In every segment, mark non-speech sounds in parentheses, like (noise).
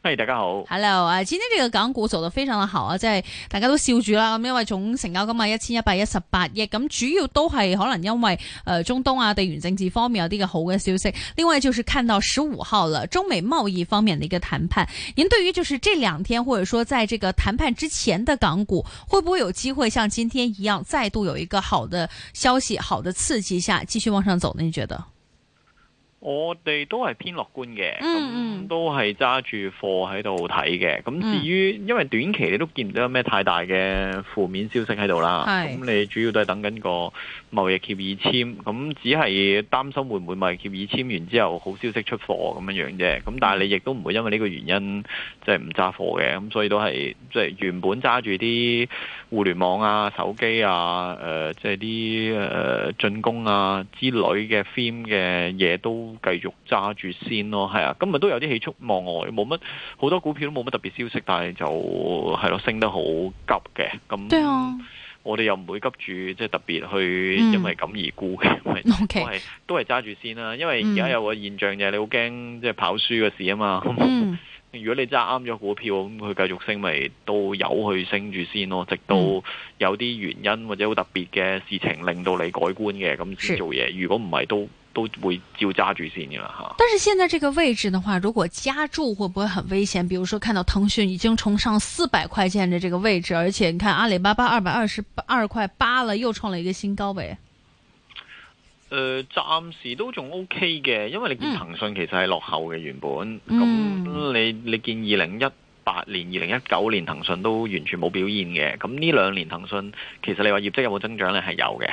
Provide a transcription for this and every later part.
嗨，hey, 大家好。Hello，啊今天這個港股走得非常的好啊，即係大家都笑住啦。咁因為總成交金額一千一百一十八億，咁主要都係可能因為誒中東啊，地緣政治方面有啲嘅好嘅消息。另外就是看到十五號了，中美貿易方面嘅一個談判。您對於就是這兩天，或者說在這個談判之前的港股，會不會有機會像今天一樣，再度有一個好的消息、好的刺激下，繼續往上走呢？你覺得？我哋都係偏樂觀嘅，咁都係揸住貨喺度睇嘅。咁至於因為短期你都見唔到有咩太大嘅負面消息喺度啦，咁你主要都係等緊個貿易協議簽，咁只係擔心會唔會貿易協議簽完之後，好消息出貨咁樣樣啫。咁但係你亦都唔會因為呢個原因，即係唔揸貨嘅。咁所以都係即係原本揸住啲互聯網啊、手機啊、誒、呃，即係啲誒進攻啊之類嘅 theme 嘅嘢都繼續揸住先咯。係啊，咁咪都有啲喜出望外，冇乜好多股票都冇乜特別消息，但係就係咯、啊、升得好急嘅。咁 (music) (music) 我哋又唔會急住，即係特別去因為咁而沽嘅，都都係揸住先啦、啊。因為而家有個現象嘅，你好驚即係跑輸嘅事啊嘛。嗯、 (laughs) 如果你揸啱咗股票，咁佢繼續升，咪都有去升住先咯。直到有啲原因或者好特別嘅事情令到你改觀嘅，咁先做嘢。是如果唔係都。都會照揸住先啦吓，但是現在這個位置的話，如果加注會不會很危險？比如說，看到騰訊已經衝上四百塊錢的這個位置，而且你看阿里巴巴二百二十二塊八了，又創了一個新高位。誒、呃，暫時都仲 OK 嘅，因為你見騰訊其實係落後嘅原本，咁、嗯、你你見二零一八年、二零一九年騰訊都完全冇表現嘅，咁呢兩年騰訊其實你話業績有冇增長呢？係有嘅。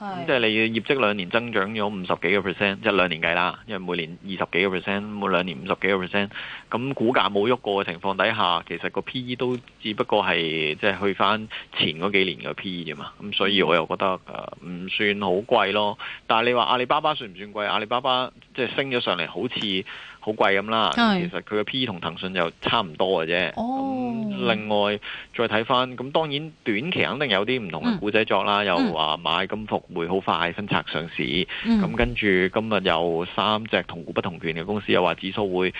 咁即係你嘅業績兩年增長咗五十幾個 percent，即係兩年計啦，因為每年二十幾個 percent，每兩年五十幾個 percent，咁股價冇喐過嘅情況底下，其實個 P/E 都只不過係即係去翻前嗰幾年嘅 P/E 啫嘛。咁所以我又覺得誒唔算好貴咯。但係你話阿里巴巴算唔算貴？阿里巴巴即係升咗上嚟，好似～好貴咁啦，其實佢嘅 P 同騰訊就差唔多嘅啫。Oh. 另外再睇翻，咁當然短期肯定有啲唔同嘅股仔作啦，mm. 又話買金服會好快分拆上市。咁、mm. 跟住今日有三隻同股不同權嘅公司又話指數會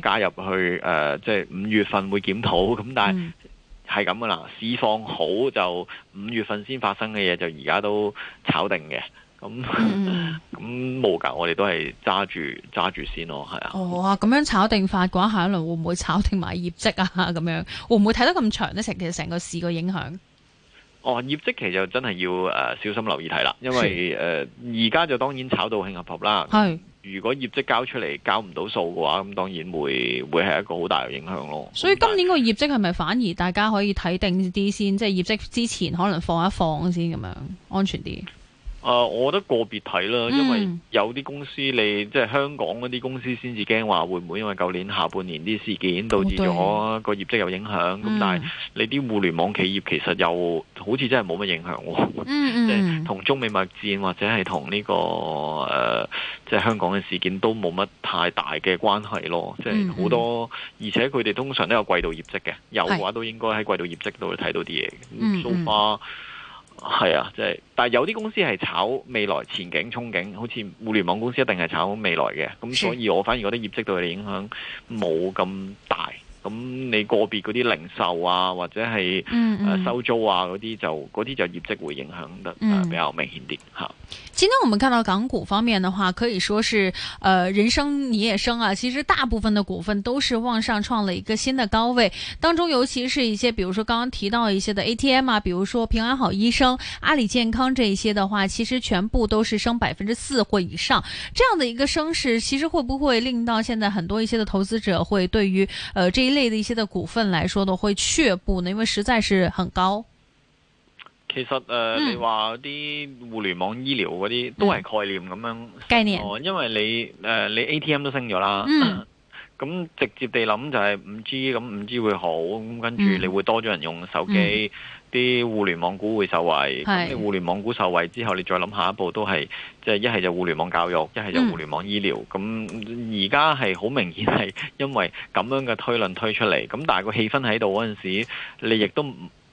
加入去誒，即係五月份會檢討。咁但係係咁噶啦，市況好就五月份先發生嘅嘢，就而家都炒定嘅。咁咁冇㗎，我哋都係揸住揸住先咯，係啊。哦，咁樣炒定法嘅話，下一輪會唔會炒定埋業績啊？咁樣會唔會睇得咁長呢？成其實成個市個影響。哦，業績其實真係要誒、呃、小心留意睇啦，因為誒而家就當然炒到興合合啦。係。如果業績交出嚟交唔到數嘅話，咁當然會會係一個好大嘅影響咯。所以今年個業績係咪反而大家可以睇定啲先？即係業績之前可能放一放先，咁樣安全啲。啊，uh, 我覺得個別睇啦，因為有啲公司你即係香港嗰啲公司先至驚話會唔會因為舊年下半年啲事件導致咗個業績有影響。咁，嗯、但係你啲互聯網企業其實又好似真係冇乜影響喎，嗯嗯這個呃，即係同中美貿戰或者係同呢個誒，即係香港嘅事件都冇乜太大嘅關係咯。即係好多，嗯、而且佢哋通常都有季度業績嘅，有嘅話都應該喺季度業績度會睇到啲嘢嘅。嗯嗯 so far, 係啊，即係，但係有啲公司係炒未來前景憧憬，好似互聯網公司一定係炒未來嘅，咁所以我反而覺得業績對佢哋影響冇咁大。咁你個別嗰啲零售啊，或者係嗯收租啊嗰啲，嗯、就嗰啲就業績會影響得、嗯啊、比較明顯啲吓。今天我們看到港股方面的話，可以說是呃人升你也升啊。其實大部分的股份都是往上創了一個新的高位，當中尤其是一些，比如說剛剛提到一些的 ATM 啊，比如說平安好醫生、阿里健康這一些的話，其實全部都是升百分之四或以上，這樣的一個升勢，其實會不會令到現在很多一些的投資者會對於呃這一類？類的一些的股份來說都會卻步呢，因為實在是很高。其實誒，呃嗯、你話啲互聯網醫療嗰啲都係概念咁樣、嗯，概念哦，因為你誒、呃，你 ATM 都升咗啦。嗯咁直接地諗就係五 G，咁五 G 會好，咁跟住你會多咗人用手機，啲、嗯嗯、互聯網股會受惠。即是你互聯網股受惠之後，你再諗下一步都係，即係一係就是、是互聯網教育，一係就互聯網醫療。咁而家係好明顯係因為咁樣嘅推論推出嚟，咁但係個氣氛喺度嗰陣時，你亦都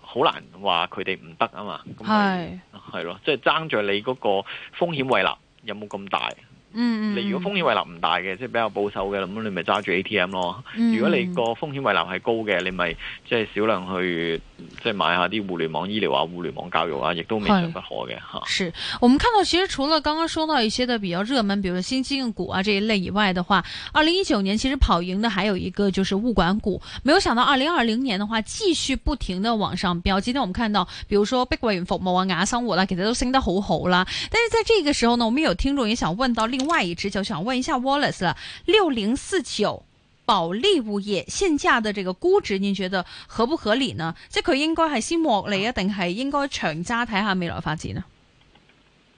好難話佢哋唔得啊嘛。係係咯，即係是、就是、爭在你嗰個風險位啦，有冇咁大？嗯，你如果風險胃納唔大嘅，即、就、係、是、比較保守嘅，咁你咪揸住 ATM 咯。嗯、如果你個風險胃納係高嘅，你咪即係少量去即係、就是、買一下啲互聯網醫療啊、互聯網教育啊，亦都未盡不可未嘗不可嘅嚇。是,啊、是，我們看到其實除了剛剛說到一些的比較熱門，比如說新經濟股啊這一類以外的話，二零一九年其實跑贏的還有一個就是物管股。沒有想到二零二零年的話，繼續不停的往上飆。今天我們看到，比如說碧桂園服務啊、雅生活啦，其實都升得好好、啊、啦。但是在這個時候呢，我們有聽眾也想問到另。另外一隻就想問一下 Wallace，六零四九保利物業現價的這個估值，你覺得合不合理呢？即係佢應該係先獲利啊，定係應該長揸睇下未來發展啊？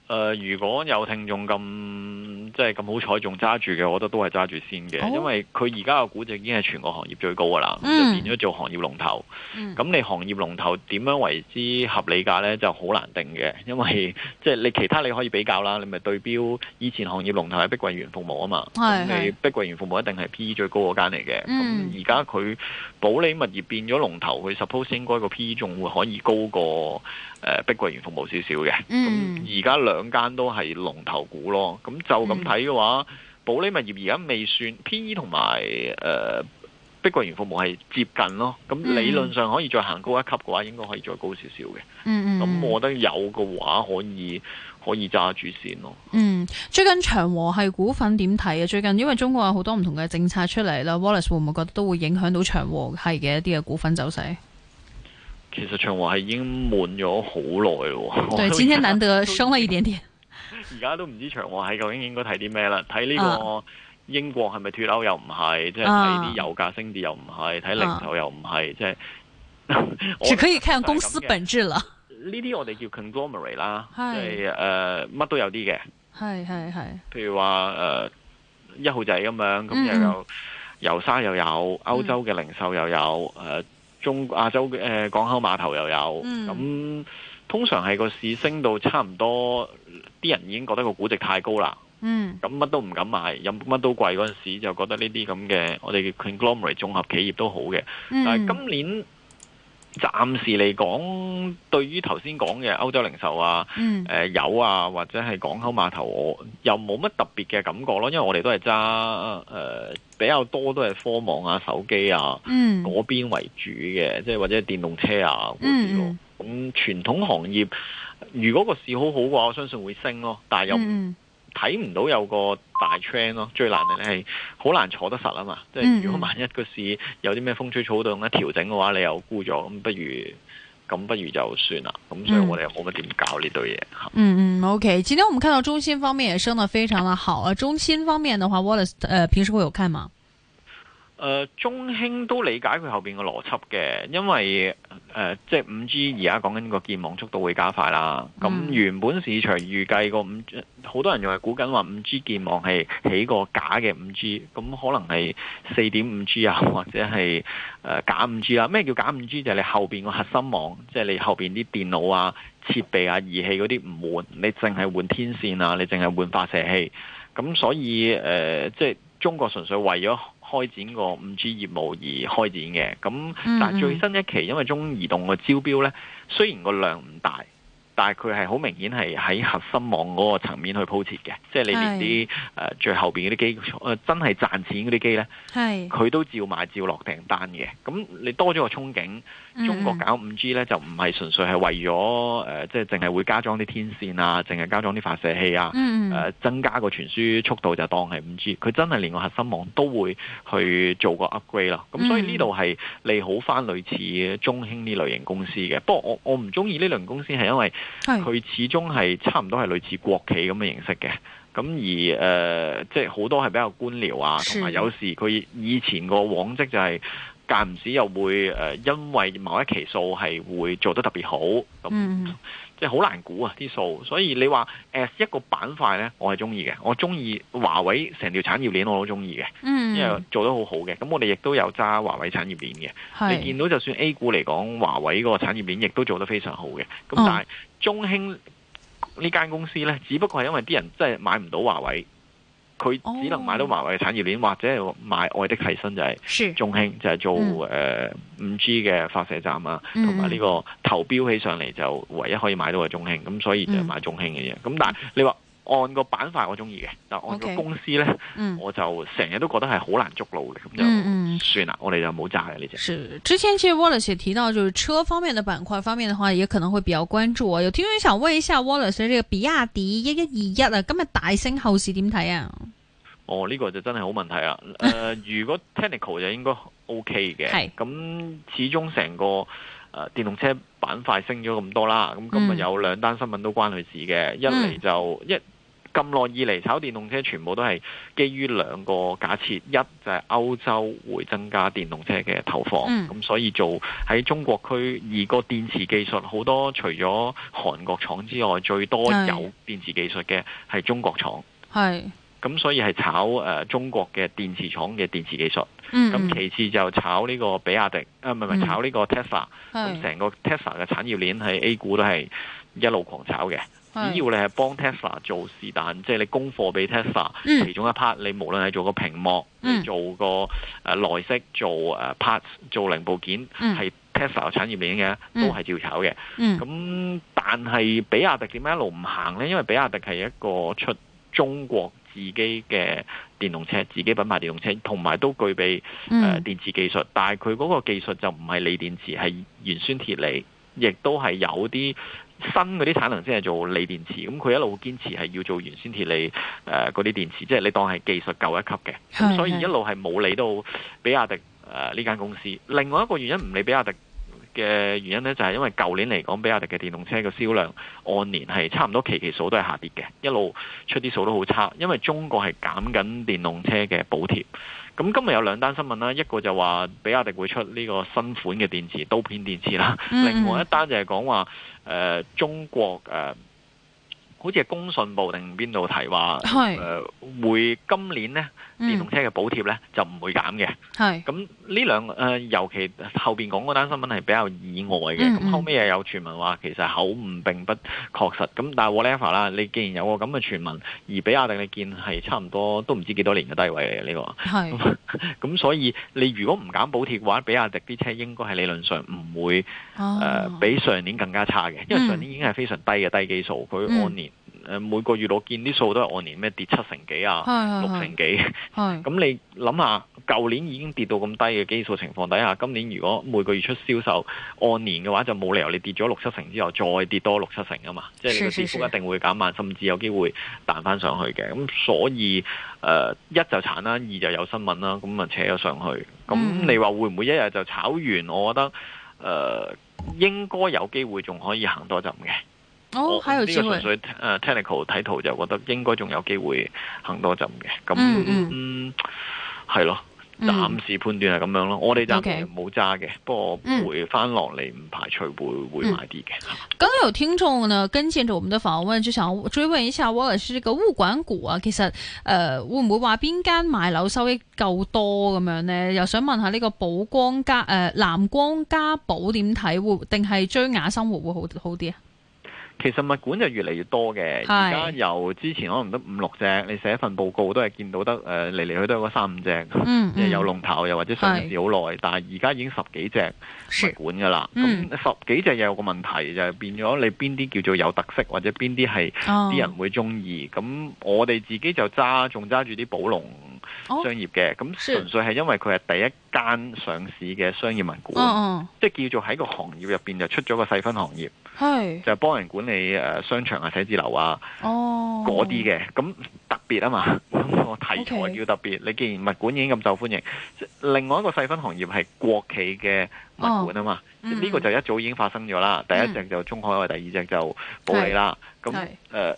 誒、呃，如果有聽眾咁即係咁好彩，仲揸住嘅，我覺得都係揸住先嘅，好因為佢而家嘅估值已經係全個行業最高噶啦，嗯、就變咗做行業龍頭。咁、嗯、你行業龍頭點樣為之合理價呢？就好難定嘅，因為即係你其他你可以比較啦，你咪對標以前行業龍頭係碧桂園服務啊嘛，是是你碧桂園服務一定係 P E 最高嗰間嚟嘅。咁而家佢保利物業變咗龍頭，佢 suppose 應該個 P E 仲會可以高過誒、呃、碧桂園服務少少嘅。咁而家兩兩間都係龍頭股咯，咁就咁睇嘅話，保、嗯、利物業而家未算，P E 同埋誒碧桂園服務係接近咯，咁理論上可以再行高一級嘅話，應該可以再高少少嘅。嗯嗯，咁我覺得有嘅話可以可以揸住先咯。嗯，最近長和系股份點睇啊？最近因為中國有好多唔同嘅政策出嚟啦，Wallace 會唔會覺得都會影響到長和系嘅一啲嘅股份走勢？其實長和系已經滿咗好耐咯。對，今天難得升了一點點。而家都唔知長和係究竟應該睇啲咩啦？睇呢個英國係咪脫歐又唔係？即係睇啲油價升跌，又唔係？睇零售又唔係？即係只可以看公司本質啦。呢啲我哋叫 conglomerate 啦，係誒乜都有啲嘅。係係係。譬如話誒一號仔咁樣，咁又有油沙又有歐洲嘅零售又有誒。中亞洲嘅、呃、港口碼頭又有，咁、嗯、通常係個市升到差唔多，啲人已經覺得個估值太高啦。咁乜、嗯、都唔敢買，有乜都貴嗰陣時就覺得呢啲咁嘅我哋嘅 conglomerate 綜合企業都好嘅，但係今年，嗯暫時嚟講，對於頭先講嘅歐洲零售啊，誒、嗯呃、有啊，或者係港口碼頭，我又冇乜特別嘅感覺咯，因為我哋都係揸誒比較多都係科網啊、手機啊嗰邊、嗯、為主嘅，即係或者係電動車啊嗰啲咯。咁傳、嗯、統行業，如果個市好好嘅話，我相信會升咯、啊，但係又唔。嗯睇唔到有個大 trend 咯、哦，最難嘅係好難坐得實啊嘛！即係如果萬一個市有啲咩風吹草動咧調、嗯、整嘅話，你又沽咗，咁不如咁不如就算啦。咁、嗯、所以我哋又冇乜點搞呢堆嘢，嗯嗯，OK，今天我們看到中芯方面也升得非常的好啊。中芯方面嘅話，Wallace、呃、平時會有看嗎？誒、呃，中興都理解佢後邊個邏輯嘅，因為誒，即係五 G 而家講緊個建網速度會加快啦。咁原本市場預計個五 G，好多人仲係估緊話五 G 建網係起個假嘅五 G，咁可能係四點五 G 啊，或者係誒、呃、假五 G 啊。咩叫假五 G？就係你後邊個核心網，即、就、係、是、你後邊啲電腦啊、設備啊、儀器嗰啲唔換，你淨係換天線啊，你淨係換發射器。咁所以誒、即、呃、係、就是、中國純粹為咗。開展個五 G 業務而開展嘅，咁但係最新一期因為中移動個招標咧，雖然個量唔大。但佢係好明顯係喺核心網嗰個層面去鋪設嘅，即係你連啲誒是、呃、最後邊嗰啲機誒、呃、真係賺錢嗰啲機呢，係佢是都照買照落訂單嘅。咁你多咗個憧憬，中國搞 5G 呢、嗯、就唔係純粹係為咗誒即係淨係會加裝啲天線啊，淨係加裝啲發射器啊，誒、嗯呃、增加個傳輸速度就當係 5G。佢真係連個核心網都會去做個 upgrade 啦。咁、嗯、所以呢度係利好翻類似中興呢類型公司嘅。不過我我唔中意呢類型公司係因為。佢是始終係差唔多係類似國企咁嘅形式嘅，咁而誒、呃，即係好多係比較官僚啊，同埋有，有時佢以前個往績就係間唔時又會誒，因為某一期數係會做得特別好咁。是即係好難估啊，啲數，所以你話誒一個板塊呢，我係中意嘅，我中意華為成條產業鏈，我都中意嘅，因為做得好好嘅。咁我哋亦都有揸華為產業鏈嘅。是你見到就算 A 股嚟講，華為個產業鏈亦都做得非常好嘅。咁但係中興呢間公司呢，只不過係因為啲人真係買唔到華為。佢只能買到華為嘅產業鏈，或者係買愛的替身就係、是、中興，就係、是、做誒五 G 嘅發射站啊，同埋呢個投標起上嚟就唯一可以買到係中興，咁所以就係買中興嘅嘢。咁但係你話。按個板塊我中意嘅，但按個公司呢，okay 嗯、我就成日都覺得係好難捉路嘅，咁就算啦，嗯嗯我哋就冇揸呢隻。之前，其實 Wallace 提到，就是車方面嘅板塊方面嘅話，也可能會比較關注啊。有聽眾想問一下 Wallace，呢個比亞迪一一二一啊，今日大升後市點睇啊？哦、呢、這個就真係好問題啊！誒、 (laughs) 呃，如果 technical 就應該 OK 嘅，咁 (laughs) 是始終成個誒、呃、電動車板塊升咗咁多啦，咁今日有兩單新聞都關佢事嘅，一嚟就、嗯、一。咁耐以嚟炒電動車全部都係基於兩個假設，一就係歐洲會增加電動車嘅投放，咁、嗯、所以做喺中國區，二個電池技術好多除咗韓國廠之外，最多有電池技術嘅係中國廠，係是，咁所以係炒誒、呃、中國嘅電池廠嘅電池技術咁、嗯、其次就炒呢個比亞迪，啊唔係唔係炒呢個 Tesla、嗯。咁成個 Tesla 嘅產業鏈喺 A 股都係一路狂炒嘅。只要你係幫 Tesla 做事，但即係你供貨俾 Tesla 其中一 part，你無論係做個屏幕，嗯、做個、呃、內飾，做、呃、parts，做零部件，嗯，係 Tesla 產業鏈嘅，都係照炒嘅。咁、嗯、但係比亞迪點解一路唔行呢？因為比亞迪係一個出中國自己嘅電動車，自己品牌電動車，同埋都具備誒、呃、電池技術，嗯、但係佢嗰個技術就唔係鋰電池，係原酸鐵鋰，亦都係有啲。新嗰啲產能先係做鋰電池，咁佢一路堅持係要做磷酸鐵鋰誒嗰啲電池，即係你當係技術舊一級嘅，是是所以一路係冇理到比亞迪誒呢間公司。另外一個原因唔理比亞迪嘅原因咧，就係、是、因為舊年嚟講比亞迪嘅電動車嘅銷量按年係差唔多期期數都係下跌嘅，一路出啲數都好差，因為中國係減緊電動車嘅補貼。咁今日有兩單新聞啦，一個就話比亞迪會出呢個新款嘅電池刀片電池啦，嗯嗯另外一單就係講話，誒、呃，中國誒。呃好似係工信部定邊度提話，會、呃、會今年呢電動車嘅補貼呢、嗯、就唔會減嘅。咁呢是兩、呃、尤其後面講嗰單新聞係比較意外嘅。咁、嗯嗯、後尾又有傳聞話其實口誤並不確實。咁但係 whatever 啦，你既然有個咁嘅傳聞，而比亞迪你見係差唔多，都唔知幾多年嘅低位嚟嘅呢個。咁是、嗯、所以你如果唔減補貼嘅話，比亞迪啲車應該係理論上唔會、哦呃、比上年更加差嘅，因為上年已經係非常低嘅低基數，佢、嗯、按年、嗯。每個月我見啲數都係按年咩跌七成幾啊，是是是六成幾？咁是 (laughs) 你諗下，舊年已經跌到咁低嘅基數情況底下，今年如果每個月出銷售按年嘅話，就冇理由你跌咗六七成之後再跌多六七成啊嘛！是是是即係你個跌幅一定會減慢，甚至有機會彈翻上去嘅。咁所以、呃、一就慘啦，二就有新聞啦，咁咪扯咗上去。咁、嗯、你話會唔會一日就炒完？我覺得誒、呃、應該有機會仲可以行多一陣嘅。哦，呢個純粹誒 technical 睇圖就覺得應該仲有機會行多陣嘅。咁係咯，暫時判斷係咁樣咯。嗯、我哋暫時冇揸嘅，okay, 不過會翻落嚟，唔排除會會買啲嘅。咁、嗯嗯嗯、有聽眾呢，跟住住我們的訪問主持人，最尾一次阿 Wallace 叔嘅物管股啊，其實誒、呃、會唔會話邊間賣樓收益夠多咁樣呢？又想問一下呢個寶光加誒、呃、藍光加寶點睇？會定係追雅生活會好好啲啊？其實物管就越嚟越多嘅，而家是由之前可能得五六隻，你寫一份報告都係見到得誒嚟嚟去去都係嗰三五隻，嗯、有龍頭又或者上市好耐，是但係而家已經十幾隻物管㗎喇。咁、嗯、十幾隻又有個問題就係、是、變咗你邊啲叫做有特色，或者邊啲係啲人會鍾意。咁、哦、我哋自己就揸仲揸住啲寶龍商業嘅，咁純、哦、粹係因為佢係第一間上市嘅商業物管，哦哦即係叫做喺個行業入邊就出咗個細分行業。是就係幫人管理商場啊、寫字樓啊，嗰啲嘅咁特別啊嘛，個題材要特別。Okay，你既然物管已經咁受歡迎，另外一個細分行業係國企嘅物管啊嘛，呢、哦嗯、個就一早已經發生咗啦。第一隻就中海，嗯、第二隻就保利啦。咁誒，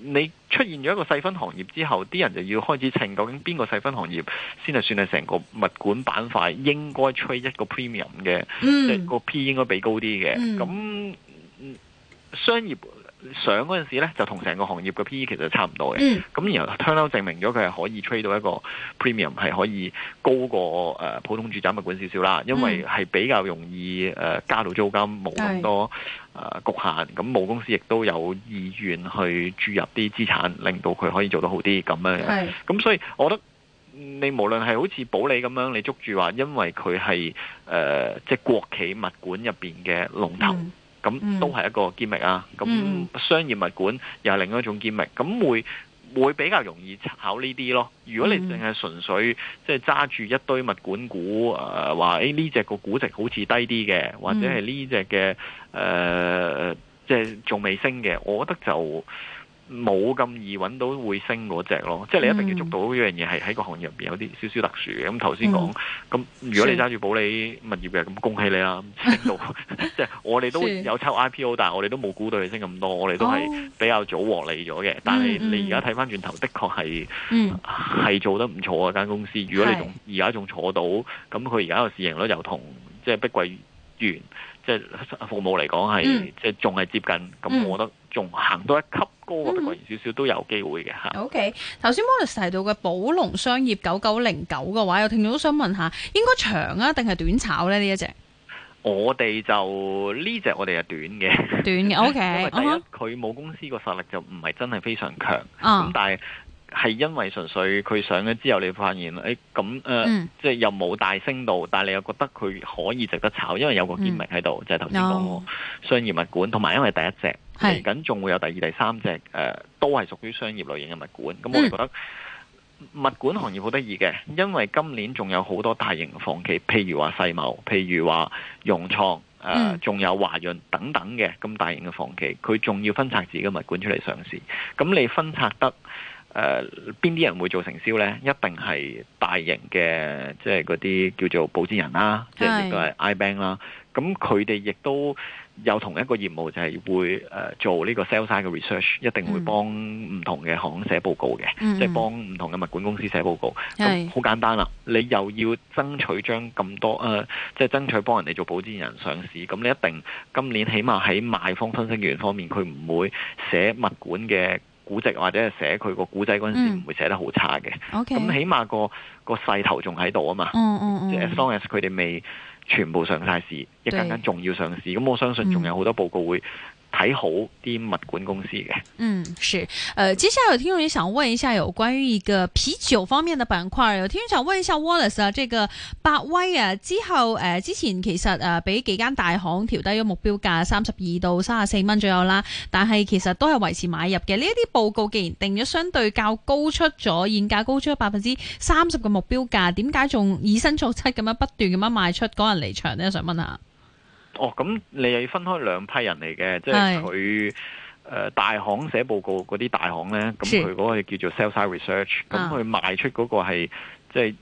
你出現咗一個細分行業之後，啲人就要開始稱究竟邊個細分行業先係算係成個物管板塊應該吹一個 premium 嘅，嗯、即個 P 應該俾高啲嘅咁。嗯那商業上嗰陣時咧，就同成個行業嘅 P/E 其實差唔多嘅。嗯。咁然後 turnaround 證明咗佢係可以 trade 到一個 premium 係可以高過、呃、普通住宅物管少少啦，因為係比較容易、呃、加到租金，冇咁多是、呃、局限。咁母公司亦都有意願去注入啲資產，令到佢可以做得好啲咁樣。係是。咁所以，我覺得你無論係好似保利咁樣，你捉住話，因為佢係、呃、即係國企物管入面嘅龍頭。嗯咁都係一個堅密啊！咁商業物管又係另一種堅密，咁會會比較容易炒呢啲咯。如果你淨係純粹即係揸住一堆物管股，誒話誒，呢隻個估值好似低啲嘅，或者係呢隻嘅、誒即係仲未升嘅，我覺得就。冇咁易揾到會升嗰隻咯，即係你一定要捉到呢樣嘢，係喺個行業入邊有啲少少特殊嘅。咁頭先講，咁、嗯、如果你揸住保利物業嘅，咁恭喜你啦，到即係 (laughs) (laughs) 我哋都有抽 IPO， (laughs) 但係我哋都冇估到你升咁多，我哋都係比較早獲利咗嘅。哦、但係你而家睇翻轉頭，的確係係、嗯、做得唔錯啊間公司。如果你仲而家仲坐到，咁佢而家個市盈率又同即係碧桂園。即係服務嚟講係，即係仲係接近咁、嗯嗯，我覺得仲行多一級高，我覺得少少都有機會嘅嚇。O K，頭先 Moses 提到嘅寶龍商業九九零九嘅話，有聽到都想問一下，應該長啊定係短炒咧？呢一隻我哋就呢隻、這個、我哋係短嘅，短嘅 O K，因為第佢冇、uh huh. 公司個實力就唔係真係非常強，咁、uh huh. 但係。係因為純粹佢上咗之後，你會發現誒咁，誒，哎呃嗯、即係又冇大升度，但係你又覺得佢可以值得炒，因為有個建明喺度，嗯、就係頭先講個商業物管，同埋、嗯、因為第一隻嚟是緊仲會有第二、第三隻誒、呃，都係屬於商業類型嘅物管。咁、嗯、我哋覺得物管行業好得意嘅，因為今年仲有好多大型嘅房企，譬如話世茂、譬如話融創誒，仲、呃嗯、有華潤等等嘅咁大型嘅房企，佢仲要分拆自己嘅物管出嚟上市。咁你分拆得？誒邊啲人會做承銷咧？一定係大型嘅，即係嗰啲叫做保薦人啦，即係應該係 IBank 啦。咁佢哋亦都有同一個業務，就係會誒做呢個 sell side 嘅 research，一定會幫唔同嘅行寫報告嘅，即係幫唔同嘅物管公司寫報告。咁好簡單啦，你又要爭取將咁多誒，即係爭取幫人哋做保薦人上市，咁你一定今年起碼喺賣方分析員方面，佢唔會寫物管嘅。估值或者係寫佢個股仔嗰陣時，唔會寫得好差嘅。咁、嗯 okay，起碼個個勢頭仲喺度啊嘛，即係 as long as 佢哋、嗯嗯嗯、未全部上晒市，對一間間仲要上市。咁我相信仲有好多報告會。睇好啲物管公司嘅。嗯，是，誒、呃，接下有聽眾也想問一下，有關於一個啤酒方面嘅板塊。有聽眾想問一下 Wallace 啊，即、這、係個百威啊。之後誒、呃，之前其實誒、啊，俾幾間大行調低咗目標價三十二到三十四蚊左右啦。但係其實都係維持買入嘅。呢一啲報告既然定咗相對較高出咗現價高出百分之三十嘅目標價，點解仲以身作則咁樣不斷咁樣賣出，嗰人離場呢？想問下。哦，咁你又要分開兩批人嚟嘅，是即係佢、呃、大行寫報告嗰啲大行呢。咁佢嗰個叫做 sell side research，咁佢、啊、賣出嗰個係即係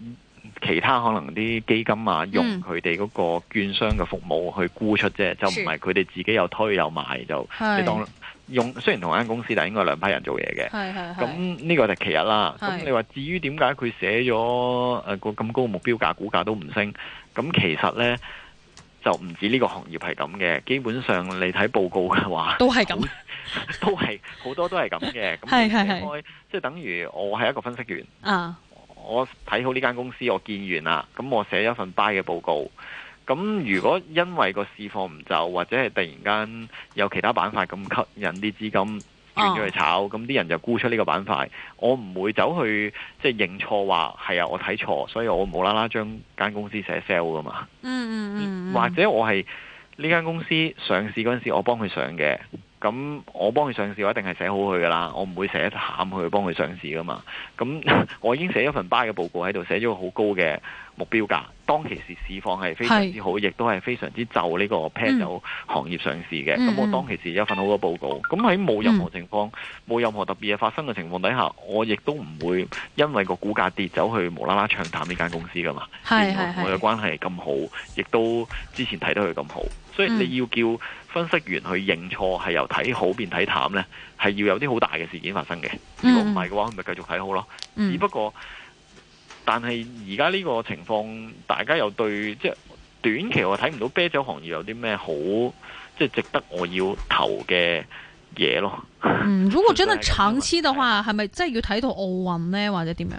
其他可能啲基金啊，用佢哋嗰個券商嘅服務去沽出啫，是就唔係佢哋自己有推有賣，就是你當用雖然同一間公司，但係應該兩批人做嘢嘅。咁呢個係其一啦。咁是你話至於點解佢寫咗咁、呃、高目標價，股價都唔升？咁其實呢。就唔止呢個行業係咁嘅，基本上你睇報告嘅話，都係咁，都係好多都係咁嘅。咁 (laughs) 是的 你應該即係等於我係一個分析員，啊、我睇好呢間公司，我見完啦，咁我寫一份 buy 嘅報告。咁如果因為個市況唔就，或者係突然間有其他板塊咁吸引啲資金。轉咗去炒，咁啲人就沽出呢個板塊。我唔會走去即係、就是、認錯話，話係啊，我睇錯，所以我無啦啦將間公司寫 sell 㗎嘛。嗯嗯嗯嗯，或者我係呢間公司上市嗰陣時，我幫佢上嘅。咁我幫佢上市，我一定係寫好佢噶啦，我唔會寫淡佢，幫佢上市噶嘛。咁我已經寫咗份 buy 嘅報告喺度，寫咗個好高嘅目標價。當其時市況係非常之好，亦都係非常之就呢個 pan 有行業上市嘅。咁我當其時有一份好多報告。咁喺冇任何情況、冇、嗯、任何特別嘢發生嘅情況底下，我亦都唔會因為個股價跌走去無啦啦唱淡呢間公司噶嘛。因為是我嘅關係咁好，亦都之前睇到佢咁好，所以你要叫。嗯分析員去認錯，係由睇好變睇淡呢係要有啲好大嘅事件發生嘅。如果唔係嘅話，咪繼續睇好咯。只、嗯、不過，但係而家呢個情況，大家又對即係短期我睇唔到啤酒行業有啲咩好，即係值得我要投嘅嘢咯、嗯。如果真係長期嘅話，係咪真係要睇到奧運呢？或者點樣？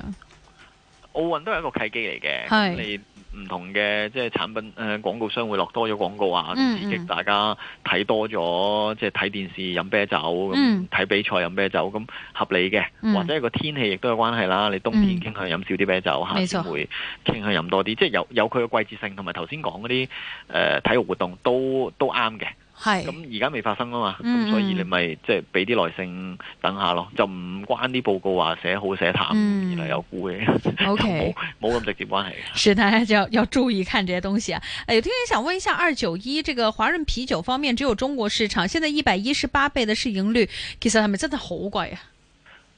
奧運都係一個契機嚟嘅。係。唔同嘅即係產品、呃，廣告商會落多咗廣告啊，嗯、刺激大家睇多咗，即係睇電視飲啤酒，睇、嗯、比賽飲啤酒，咁合理嘅，嗯、或者個天氣亦都有關係啦。你冬天傾向飲少啲啤酒，嗯、夏天會傾向飲多啲，冇錯，即係有有佢嘅季節性，同埋頭先講嗰啲誒體育活動都都啱嘅。係咁而家未發生啊嘛，咁、嗯嗯、所以你咪即係俾啲耐性等下咯，就唔關啲報告話寫好寫淡、嗯、原嚟有估嘅，冇冇咁直接關係。是大家就要要注意看這些東西、啊哎。有聽友想問一下二九一這個華潤啤酒方面，只有中國市場，現在一百一十八倍的市盈率，其實係咪真的好貴啊？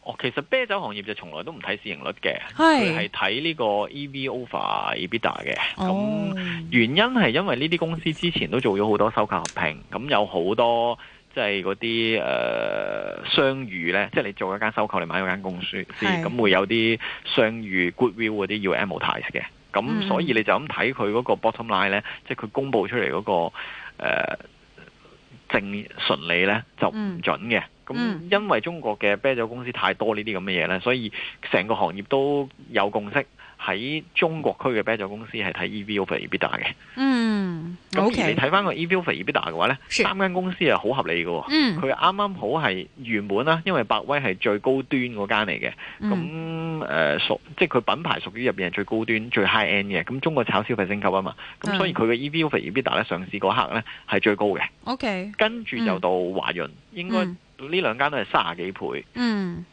哦，其實啤酒行業就從來都唔睇市盈率嘅，佢係睇呢個 EV over EBITDA 嘅。咁、哦、原因係因為呢啲公司之前都做咗好多收購合併，咁有好多即係嗰啲誒商譽咧，即係你做一間收購你買嗰間公司，咁是會有啲商譽 Goodwill 嗰啲要 Amortize 嘅。咁所以你就咁睇佢嗰個 bottom line 呢，即係佢公佈出嚟嗰、那個、呃、正淨利呢，就唔準嘅。嗯嗯、因為中國嘅啤酒公司太多呢啲咁嘅嘢咧，所以成個行業都有共識喺中國區嘅啤酒公司係睇 EV over EBITDA 嘅。嗯，咁、okay, 而你睇翻個 EV over EBITDA 嘅話咧，是三間公司係好合理嘅。嗯，佢啱啱好係原本啦，因為百威係最高端嗰間嚟嘅。咁誒屬即係佢品牌屬於入邊係最高端、最 high end 嘅。咁中國炒消費升級啊嘛，咁、嗯、所以佢嘅 EV over EBITDA 咧上市嗰刻咧係最高嘅。O okay , K，跟住就到華潤、嗯、應該。呢兩間都係三十幾倍，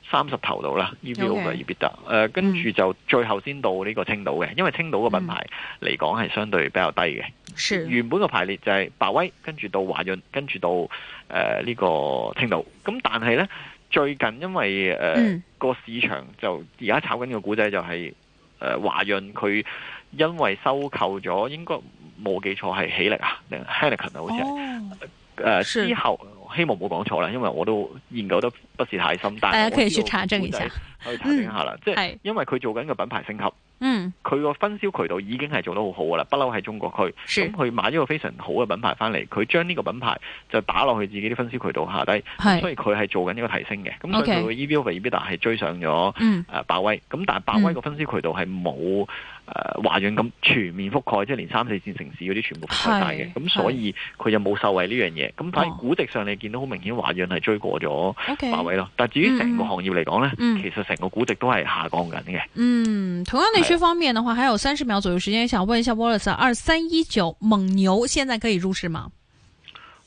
三十、嗯、頭到啦，EBO 嘅 EBIT，跟住就最後先到呢個青島嘅，嗯、因為青島嘅品牌嚟講係相對比較低嘅。是原本嘅排列就係百威，跟住到華潤，跟住到誒呢、呃這個青島。咁、嗯、但係呢，最近因為誒、呃嗯、個市場就而家炒緊個股仔就係誒華潤，佢、呃、因為收購咗，應該冇記錯係喜力啊定係 Heineken 啊好似係之後。我希望冇講錯啦，因為我都研究得不是太深，但係大家可以去查證一下，去查證一下啦。嗯、即係是因為佢做緊個品牌升級，嗯，佢個分銷渠道已經係做得很好好噶啦，不嬲係中國區，咁佢是買咗個非常好嘅品牌翻嚟，佢將呢個品牌就打落去自己啲分銷渠道下低，是所以佢係做緊一個提升嘅，咁 Okay 所以佢嘅 e b b i 係追上咗誒百威，咁但係百威個分銷渠道係冇。誒、呃、華潤咁全面覆蓋，即係連三四線城市嗰啲全部覆蓋曬嘅，咁是、嗯、所以佢就冇受惠呢樣嘢。咁、哦、但係估值上，你見到好明顯華潤係追過咗華為咯。Okay，但至於成個行業嚟講咧，嗯、其實成個估值都係下降緊嘅。嗯，同樣地一方面嘅話，的還有三十秒左右時間，想問一下 Wallace，二三一九蒙牛，現在可以入市嗎？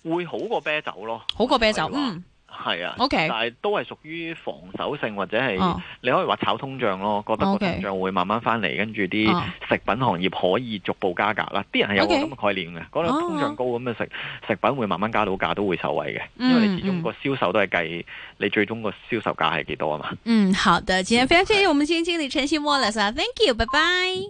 會好過啤酒咯，好過啤酒，嗯。係啊，但係都係屬於防守性或者係，你可以話炒通脹咯。覺得個通脹會慢慢翻嚟，跟住啲食品行業可以逐步加價啦。啲人係有個咁嘅概念嘅，覺得通脹高咁嘅食食品會慢慢加到價都會受惠嘅，因為你始終個銷售都係計你最終個銷售價係幾多啊嘛。嗯，好的，今天非常謝謝我們基金經理陳昕莫啦，thank you，拜拜。